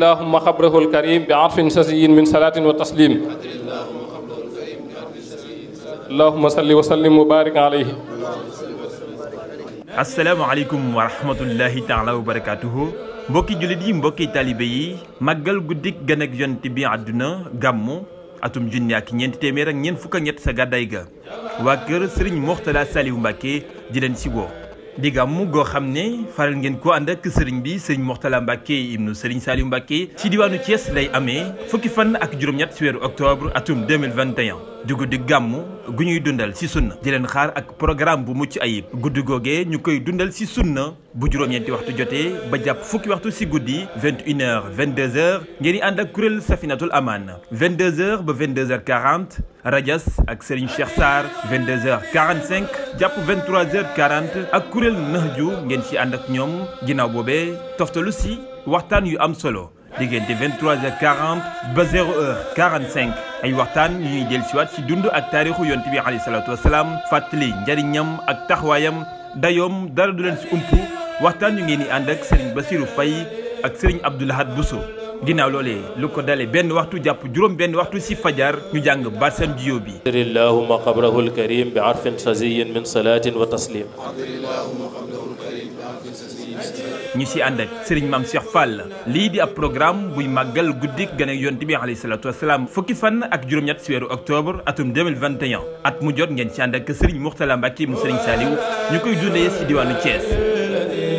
اللهم خبره الكريم بعرف سزي من صلاة وتسليم اللهم صل وسلم وبارك عليه asalaamaaleykum wa rahmatullahi taala wa barakaatuhu mbokki jullit yi mbokki taalibe yi màggal guddik gën ak bi àdduna gàmmu atum junni ak ñeenti téeméer ak ñeent fukk ak ñett sa gàddaay ga waa kër Serigne Mourtada Saliou Mbacké di leen si di gàmmu goo xam ne faral ngeen ko ànd ak sëriñ bi sëriñ Mourtala Mbacke ibnu sëriñ Saliou Mbacke ci diwaanu Thiès lay amee fukki fan ak juróom-ñett ci weeru octobre atum 2021 di guddi gàmmu gu ñuy dundal si sunna di leen xaar ak programme bu mucc ayib guddi googee ñu koy dundal si sunna bu juróom-ñeenti waxtu jotee ba jàpp fukki waxtu si guddi 21h 22h ngeen di ànd ak kuréel Safinatul Aman 22h ba 22h40 rajas ak sëriñ Cheikh Sarr 22h45. jàpp 23h40 ak kuréel Nahju ngeen ci ànd ak ñoom ginnaaw boobee toftalu si waxtaan yu am solo diggante 23h40 ba 0h45 ay waxtaan yu ñuy jël siwaat ci dund ak taarixu yonent bi alayhi salaatu wasalaam fàttali njariñam ak taxawaayam dayoom dara du leen si ump waxtaan yu ngeen di ànd ak ba Bassirou Faye ak Serigne Abdoulahad Bousso ginnaaw loolee lu ko dalee benn waxtu jàpp juróom benn waxtu si fajar ñu jàng barsan jiyo bi allahuma qabrahu alkarim bi arfin saziyin min salaatin wa taslim ñu ci ànd ak Serigne Mame Cheikh Fall lii di ab programme buy màggal guddik gane yonent bi alayhi salaatu wasalaam fukki fan ak juróom-ñett si weeru octobre atum 2021 at mu jot ngeen si ànd ak Serigne Mourtala Mbacke mu Serigne Saliou ñu koy dundee si diwaanu Thiès